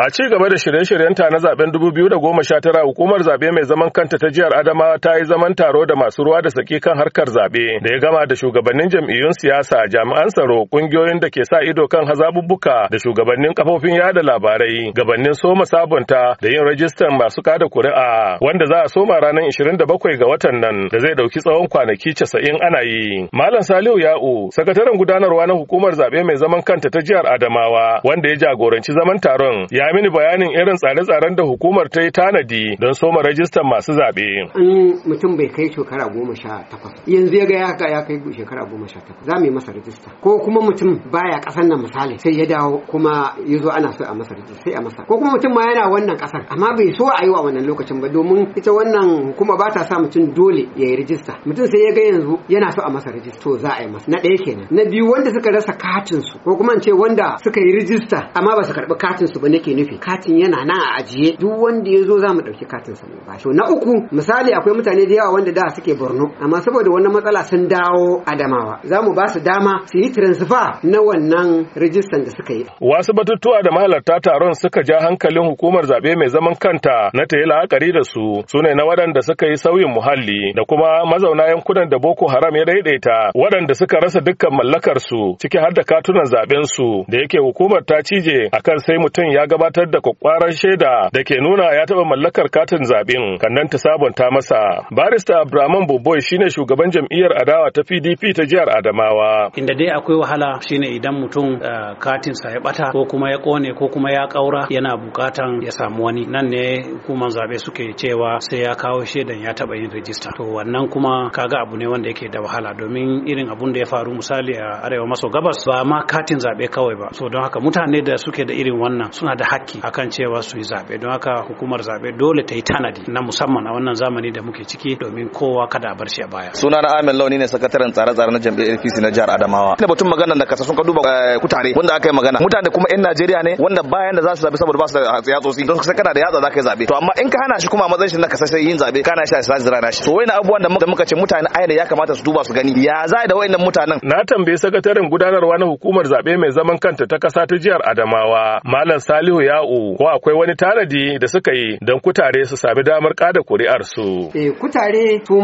A ci gaba da shirye-shiryenta shiryen na zaben 2019 hukumar zabe mai zaman kanta ta jihar Adamawa ta yi zaman taro da masu ruwa da saki kan harkar zabe da ya gama da shugabannin jam'iyyun siyasa, jami'an tsaro, kungiyoyin da ke sa ido kan hazabubbuka da shugabannin kafofin yada labarai, gabanin soma sabunta da yin rajistan masu kada kuri'a wanda za a soma ranar 27 ga watan nan da zai dauki tsawon kwanaki 90 ana yi. Malam Saliu Ya'u, sakataren gudanarwa na hukumar zabe mai zaman kanta ta jihar Adamawa wanda ya jagoranci zaman taron ya Aminu mini bayanin irin tsare-tsaren da hukumar ta yi tanadi don soma rajistan masu zaɓe. In mutum bai kai shekara goma sha takwas yanzu ya ga ya ka ya kai shekara goma sha takwas za mu yi masa rajista ko kuma mutum baya ƙasar nan misali sai ya dawo kuma ya zo ana so a masa rajista sai a masa ko kuma mutum ma yana wannan ƙasar amma bai so a yi wa wannan lokacin ba domin ita wannan hukuma ba ta sa mutum dole ya yi rajista mutum sai ya ga yanzu yana so a masa rajista za a yi masa na ɗaya kenan na biyu wanda suka rasa katinsu, su ko kuma in ce wanda suka yi rajista amma ba su karɓi katin su ba nake nufi katin yana nan a ajiye duk wanda ya zo za mu ɗauki katin sa mu bashi na uku misali akwai mutane da yawa wanda da suke Borno amma saboda wannan matsala sun dawo Adamawa za mu ba su dama su yi transfer na wannan rijistan da suka yi wasu batutuwa da mahalarta taron suka ja hankalin hukumar zabe mai zaman kanta na ta yi la'akari da su sune na waɗanda suka yi sauyin muhalli da kuma mazauna yankunan da Boko Haram ya daidaita waɗanda suka rasa dukkan mallakar su ciki har da katunan zaben su da yake hukumar ta cije akan sai mutum ya gabatar gabatar da kwakwaran shaida da ke nuna ya taɓa mallakar katin zaɓen kannan ta sabunta masa. Barista Abdurrahman Boboy shine shugaban jam'iyyar adawa ta PDP ta jihar Adamawa. Inda dai akwai wahala shine idan mutum eh, katinsa ya bata ko kuma ya kone ko kuma ya kaura yana bukatan ya samu wani nan ne hukumar zaɓe suke cewa sai ya kawo shaidan ya taɓa yin rijista. To wannan kuma kaga abu ne wanda yake da wahala domin irin abun da ya faru misali a arewa maso gabas ba ma katin zaɓe kawai ba. So don haka mutane da suke da irin wannan suna da a akan cewa su yi zaɓe don haka hukumar zaɓe dole ta yi tanadi na musamman a wannan zamani da muke ciki domin kowa kada a bar shi a baya. Suna na Amin Launi ne sakataren tsare-tsare na jam'iyyar APC na jihar Adamawa. Ina batun magana da kasa sun ka duba eh, kutare wanda aka yi magana. Mutane kuma 'yan Najeriya ne wanda bayan da za su zaɓe saboda ba su da yatsotsi don sai kana da yatsa za ka yi zaɓe. To amma in ka hana shi kuma a matsayin shi na sai yin zaɓe kana shi a sashi rana shi. To wani abubuwan da muka ce mutane aina ya kamata su duba su gani ya za da wa'in mutanen. Na tambayi sakataren gudanarwa na hukumar zaɓe mai zaman kanta ta kasa ta jihar Adamawa Malam Salihu yawo ko akwai wani tanadi da suka yi don kutare su sami damar kada kuri'ar su eh kutare su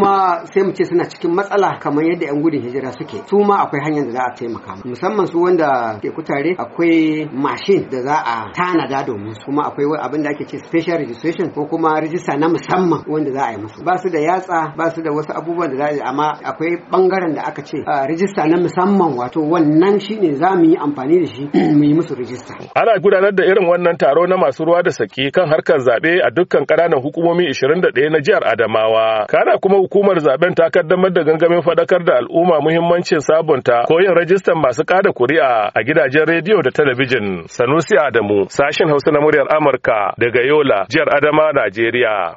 sai mu ce suna cikin matsala kamar yadda yan gudun hijira suke su akwai hanyar da za a taimaka musamman su wanda ke kutare akwai mashin da za a tanada domin su kuma akwai abin da ake ce special registration ko kuma rijista na musamman wanda za a yi musu ba su da yatsa ba su da wasu abubuwan da za a yi amma akwai bangaren da aka ce ah, rijista na musamman wato wannan shine za mu yi amfani da shi mu yi musu rijista ana gudanar da irin wannan wannan taro na masu ruwa da saki kan harkar zaɓe a dukkan ƙananan hukumomi 21 na jihar Adamawa. Kana kuma hukumar zaben ta kaddamar da gangamin faɗakar da al'umma muhimmancin sabunta ko yin rajistan masu ƙada kuri'a a gidajen rediyo da talabijin. Sanusi Adamu, sashen Hausa na muryar Amurka daga Yola, jihar Adama, Najeriya.